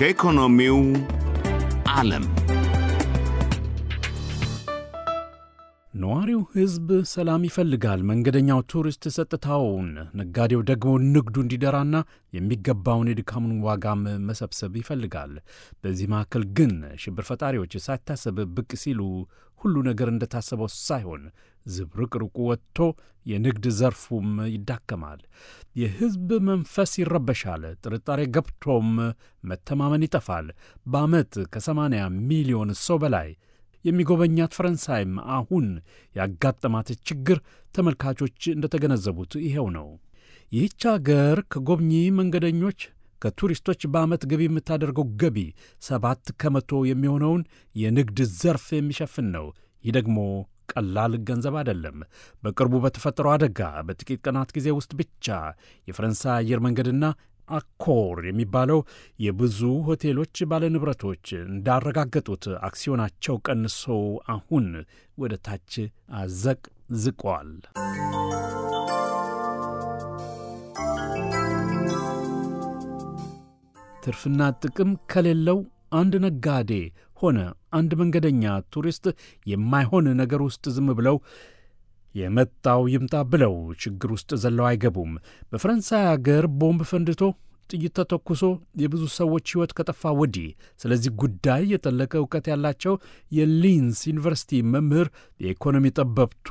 ከኢኮኖሚው ዓለም ነዋሪው ሕዝብ ሰላም ይፈልጋል። መንገደኛው ቱሪስት ጸጥታውን፣ ነጋዴው ደግሞ ንግዱ እንዲደራና የሚገባውን የድካሙን ዋጋም መሰብሰብ ይፈልጋል። በዚህ መካከል ግን ሽብር ፈጣሪዎች ሳይታሰብ ብቅ ሲሉ ሁሉ ነገር እንደታሰበው ሳይሆን ዝብርቅርቁ ወጥቶ የንግድ ዘርፉም ይዳከማል። የሕዝብ መንፈስ ይረበሻል። ጥርጣሬ ገብቶም መተማመን ይጠፋል። በዓመት ከሰማንያ ሚሊዮን ሰው በላይ የሚጎበኛት ፈረንሳይም አሁን ያጋጠማት ችግር ተመልካቾች እንደተገነዘቡት ይኸው ነው። ይህች አገር ከጎብኚ መንገደኞች ከቱሪስቶች በዓመት ገቢ የምታደርገው ገቢ ሰባት ከመቶ የሚሆነውን የንግድ ዘርፍ የሚሸፍን ነው። ይህ ደግሞ ቀላል ገንዘብ አይደለም። በቅርቡ በተፈጠረው አደጋ በጥቂት ቀናት ጊዜ ውስጥ ብቻ የፈረንሳይ አየር መንገድና አኮር የሚባለው የብዙ ሆቴሎች ባለንብረቶች እንዳረጋገጡት አክሲዮናቸው ቀንሶ አሁን ወደ ታች ዝቋል። ትርፍና ጥቅም ከሌለው አንድ ነጋዴ ሆነ አንድ መንገደኛ ቱሪስት የማይሆን ነገር ውስጥ ዝም ብለው የመጣው ይምጣ ብለው ችግር ውስጥ ዘለው አይገቡም። በፈረንሳይ አገር ቦምብ ፈንድቶ ጥይት ተተኩሶ የብዙ ሰዎች ሕይወት ከጠፋ ወዲህ ስለዚህ ጉዳይ የጠለቀ እውቀት ያላቸው የሊንስ ዩኒቨርሲቲ መምህር የኢኮኖሚ ጠበብቱ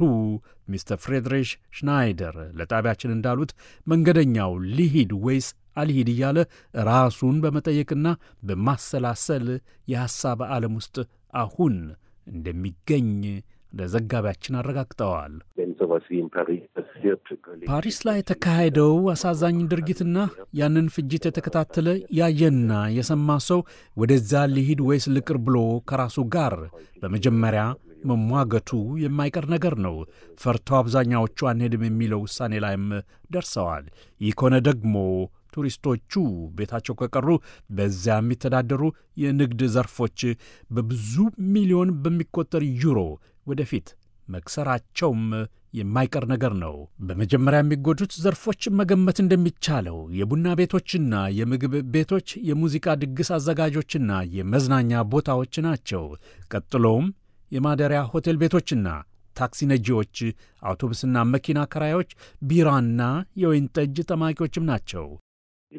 ሚስተር ፍሬድሪሽ ሽናይደር ለጣቢያችን እንዳሉት መንገደኛው ሊሂድ ወይስ አልሂድ እያለ ራሱን በመጠየቅና በማሰላሰል የሐሳብ ዓለም ውስጥ አሁን እንደሚገኝ ለዘጋቢያችን አረጋግጠዋል። ፓሪስ ላይ የተካሄደው አሳዛኝ ድርጊትና ያንን ፍጅት የተከታተለ ያየና የሰማ ሰው ወደዛ ሊሂድ ወይስ ልቅር ብሎ ከራሱ ጋር በመጀመሪያ መሟገቱ የማይቀር ነገር ነው። ፈርተው አብዛኛዎቹ አንሄድም የሚለው ውሳኔ ላይም ደርሰዋል። ይህ ከሆነ ደግሞ ቱሪስቶቹ ቤታቸው ከቀሩ በዚያ የሚተዳደሩ የንግድ ዘርፎች በብዙ ሚሊዮን በሚቆጠር ዩሮ ወደፊት መክሰራቸውም የማይቀር ነገር ነው። በመጀመሪያ የሚጎዱት ዘርፎች መገመት እንደሚቻለው የቡና ቤቶችና የምግብ ቤቶች፣ የሙዚቃ ድግስ አዘጋጆችና የመዝናኛ ቦታዎች ናቸው። ቀጥሎም የማደሪያ ሆቴል ቤቶችና ታክሲ ነጂዎች፣ አውቶቡስና መኪና ከራዮች፣ ቢራና የወይን ጠጅ ጠማቂዎችም ናቸው።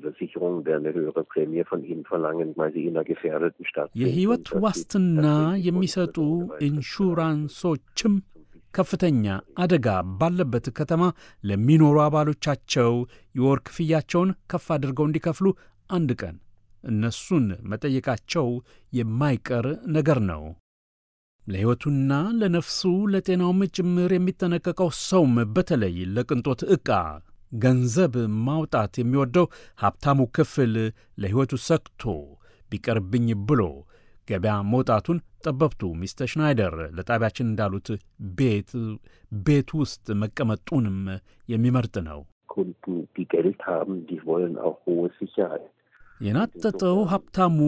Versicherung, eine höhere Prämie von ihnen verlangen, weil sie in einer gefährdeten Stadt የህይወት ዋስትና የሚሰጡ ኢንሹራንሶችም ከፍተኛ አደጋ ባለበት ከተማ ለሚኖሩ አባሎቻቸው የወር ክፍያቸውን ከፍ አድርገው እንዲከፍሉ አንድ ቀን እነሱን መጠየቃቸው የማይቀር ነገር ነው። ለሕይወቱና ለነፍሱ ለጤናውም ጭምር የሚጠነቀቀው ሰውም በተለይ ለቅንጦት ዕቃ ገንዘብ ማውጣት የሚወደው ሀብታሙ ክፍል ለሕይወቱ ሰግቶ ቢቀርብኝ ብሎ ገበያ መውጣቱን ጠበብቱ ሚስተር ሽናይደር ለጣቢያችን እንዳሉት ቤት ቤት ውስጥ መቀመጡንም የሚመርጥ ነው። የናጠጠው ሀብታሙ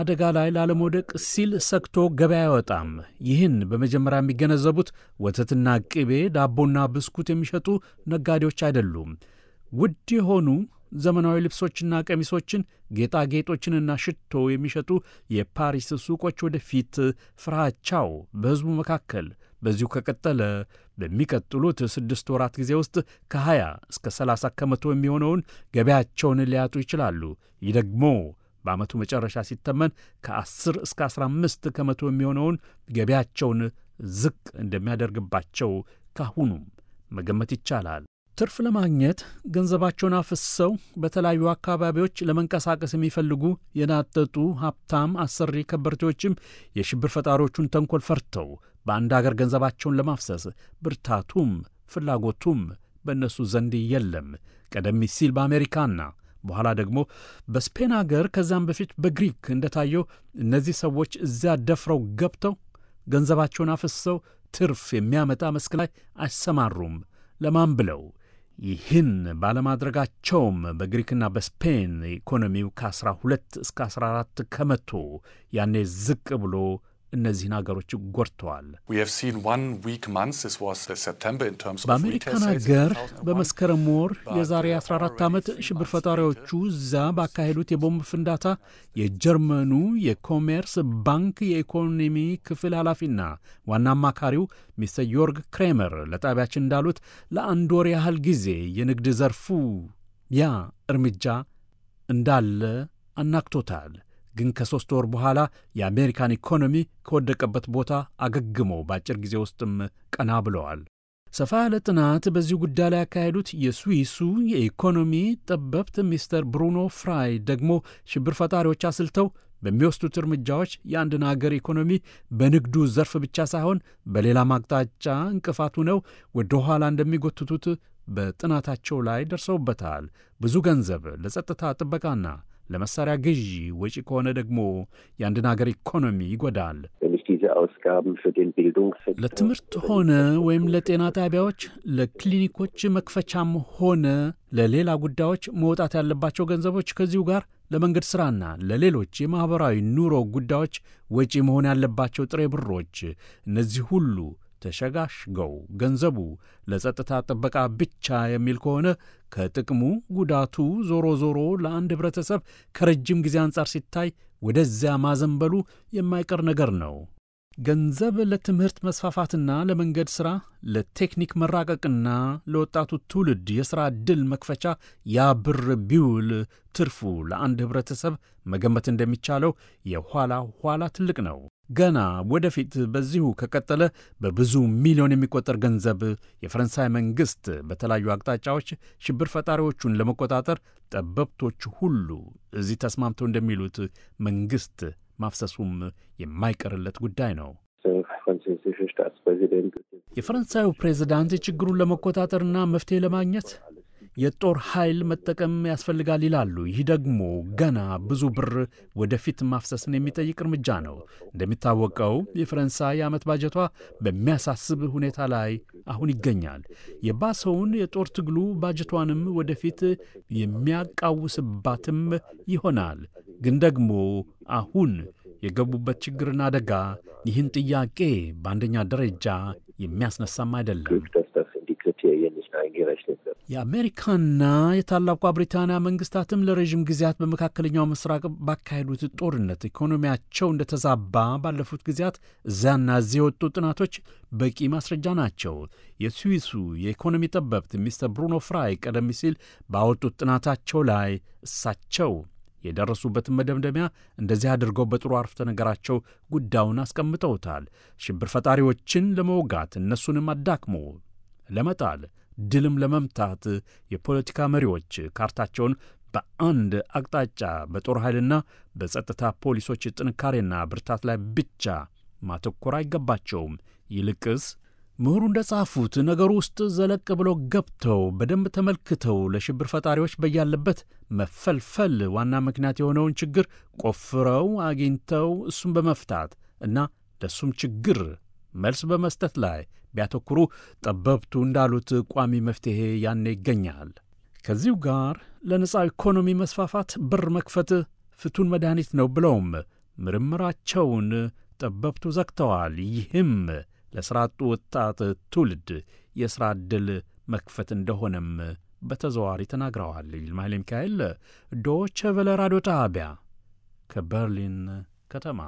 አደጋ ላይ ላለመውደቅ ሲል ሰግቶ ገበያ አይወጣም። ይህን በመጀመሪያ የሚገነዘቡት ወተትና ቅቤ፣ ዳቦና ብስኩት የሚሸጡ ነጋዴዎች አይደሉም። ውድ የሆኑ ዘመናዊ ልብሶችና ቀሚሶችን፣ ጌጣጌጦችንና ሽቶ የሚሸጡ የፓሪስ ሱቆች ወደፊት ፍራቻው በሕዝቡ መካከል በዚሁ ከቀጠለ በሚቀጥሉት ስድስት ወራት ጊዜ ውስጥ ከ20 እስከ 30 ከመቶ የሚሆነውን ገበያቸውን ሊያጡ ይችላሉ። ይህ ደግሞ በዓመቱ መጨረሻ ሲተመን ከ10 እስከ 15 ከመቶ የሚሆነውን ገቢያቸውን ዝቅ እንደሚያደርግባቸው ካሁኑም መገመት ይቻላል። ትርፍ ለማግኘት ገንዘባቸውን አፍሰው በተለያዩ አካባቢዎች ለመንቀሳቀስ የሚፈልጉ የናጠጡ ሀብታም አሰሪ ከበርቴዎችም የሽብር ፈጣሪዎቹን ተንኮል ፈርተው በአንድ አገር ገንዘባቸውን ለማፍሰስ ብርታቱም ፍላጎቱም በእነሱ ዘንድ የለም። ቀደም ሲል በአሜሪካና በኋላ ደግሞ በስፔን ሀገር ከዛም በፊት በግሪክ እንደታየው እነዚህ ሰዎች እዚያ ደፍረው ገብተው ገንዘባቸውን አፈስሰው ትርፍ የሚያመጣ መስክ ላይ አይሰማሩም። ለማን ብለው? ይህን ባለማድረጋቸውም በግሪክና በስፔን ኢኮኖሚው ከ12 እስከ 14 ከመቶ ያኔ ዝቅ ብሎ እነዚህን አገሮች ጎድተዋል። uh, በአሜሪካን ሀገር በመስከረም ወር uh, የዛሬ 14 ዓመት ሽብር ፈጣሪዎቹ እዛ ባካሄዱት የቦምብ ፍንዳታ የጀርመኑ የኮሜርስ ባንክ የኢኮኖሚ ክፍል ኃላፊና ዋና አማካሪው ሚስተር ዮርግ ክሬመር ለጣቢያችን እንዳሉት ለአንድ ወር ያህል ጊዜ የንግድ ዘርፉ ያ እርምጃ እንዳለ አናክቶታል። ግን ከሦስት ወር በኋላ የአሜሪካን ኢኮኖሚ ከወደቀበት ቦታ አገግሞ በአጭር ጊዜ ውስጥም ቀና ብለዋል። ሰፋ ያለ ጥናት በዚህ ጉዳይ ላይ ያካሄዱት የስዊሱ የኢኮኖሚ ጠበብት ሚስተር ብሩኖ ፍራይ ደግሞ ሽብር ፈጣሪዎች አስልተው በሚወስዱት እርምጃዎች የአንድን አገር ኢኮኖሚ በንግዱ ዘርፍ ብቻ ሳይሆን በሌላ ማቅጣጫ እንቅፋቱ ነው ወደ ኋላ እንደሚጎትቱት በጥናታቸው ላይ ደርሰውበታል። ብዙ ገንዘብ ለጸጥታ ጥበቃና ለመሳሪያ ግዢ ወጪ ከሆነ ደግሞ የአንድን ሀገር ኢኮኖሚ ይጎዳል። ለትምህርት ሆነ ወይም ለጤና ጣቢያዎች፣ ለክሊኒኮች መክፈቻም ሆነ ለሌላ ጉዳዮች መውጣት ያለባቸው ገንዘቦች ከዚሁ ጋር ለመንገድ ሥራና ለሌሎች የማኅበራዊ ኑሮ ጉዳዮች ወጪ መሆን ያለባቸው ጥሬ ብሮች እነዚህ ሁሉ ተሸጋሽገው ገንዘቡ ለጸጥታ ጥበቃ ብቻ የሚል ከሆነ ከጥቅሙ ጉዳቱ ዞሮ ዞሮ ለአንድ ኅብረተሰብ ከረጅም ጊዜ አንጻር ሲታይ ወደዚያ ማዘንበሉ የማይቀር ነገር ነው። ገንዘብ ለትምህርት መስፋፋትና ለመንገድ ሥራ፣ ለቴክኒክ መራቀቅና ለወጣቱ ትውልድ የሥራ ዕድል መክፈቻ ያ ብር ቢውል ትርፉ ለአንድ ኅብረተሰብ መገመት እንደሚቻለው የኋላ ኋላ ትልቅ ነው። ገና ወደፊት በዚሁ ከቀጠለ በብዙ ሚሊዮን የሚቆጠር ገንዘብ የፈረንሳይ መንግሥት በተለያዩ አቅጣጫዎች ሽብር ፈጣሪዎቹን ለመቆጣጠር ጠበብቶች ሁሉ እዚህ ተስማምተው እንደሚሉት መንግሥት ማፍሰሱም የማይቀርለት ጉዳይ ነው። የፈረንሳዩ ፕሬዚዳንት ችግሩን ለመቆጣጠርና መፍትሄ ለማግኘት የጦር ኃይል መጠቀም ያስፈልጋል ይላሉ። ይህ ደግሞ ገና ብዙ ብር ወደፊት ማፍሰስን የሚጠይቅ እርምጃ ነው። እንደሚታወቀው የፈረንሳይ የዓመት ባጀቷ በሚያሳስብ ሁኔታ ላይ አሁን ይገኛል። የባሰውን የጦር ትግሉ ባጀቷንም ወደፊት የሚያቃውስባትም ይሆናል። ግን ደግሞ አሁን የገቡበት ችግርና አደጋ ይህን ጥያቄ በአንደኛ ደረጃ የሚያስነሳም አይደለም። ጉዳዮች ነበር። የአሜሪካና የታላቋ ብሪታንያ መንግስታትም ለረዥም ጊዜያት በመካከለኛው ምስራቅ ባካሄዱት ጦርነት ኢኮኖሚያቸው እንደተዛባ ባለፉት ጊዜያት እዚያና እዚህ የወጡ ጥናቶች በቂ ማስረጃ ናቸው። የስዊሱ የኢኮኖሚ ጠበብት ሚስተር ብሩኖ ፍራይ ቀደም ሲል ባወጡት ጥናታቸው ላይ እሳቸው የደረሱበትን መደምደሚያ እንደዚህ አድርገው በጥሩ አረፍተ ነገራቸው ጉዳዩን አስቀምጠውታል። ሽብር ፈጣሪዎችን ለመውጋት እነሱንም አዳክሞ ለመጣል ድልም ለመምታት የፖለቲካ መሪዎች ካርታቸውን በአንድ አቅጣጫ በጦር ኃይልና በጸጥታ ፖሊሶች ጥንካሬና ብርታት ላይ ብቻ ማተኮር አይገባቸውም። ይልቅስ ምሁሩ እንደ ጻፉት ነገሩ ውስጥ ዘለቅ ብሎ ገብተው በደንብ ተመልክተው ለሽብር ፈጣሪዎች በያለበት መፈልፈል ዋና ምክንያት የሆነውን ችግር ቆፍረው አግኝተው እሱን በመፍታት እና ለእሱም ችግር መልስ በመስጠት ላይ ቢያተኩሩ ጠበብቱ እንዳሉት ቋሚ መፍትሔ ያኔ ይገኛል። ከዚሁ ጋር ለነጻ ኢኮኖሚ መስፋፋት በር መክፈት ፍቱን መድኃኒት ነው ብለውም ምርምራቸውን ጠበብቱ ዘግተዋል። ይህም ለሥራ አጡ ወጣት ትውልድ የሥራ ዕድል መክፈት እንደሆነም በተዘዋሪ ተናግረዋል። ይልማ ሚካኤል ዶቸ ቨለ ራዲዮ ጣቢያ ከበርሊን ከተማ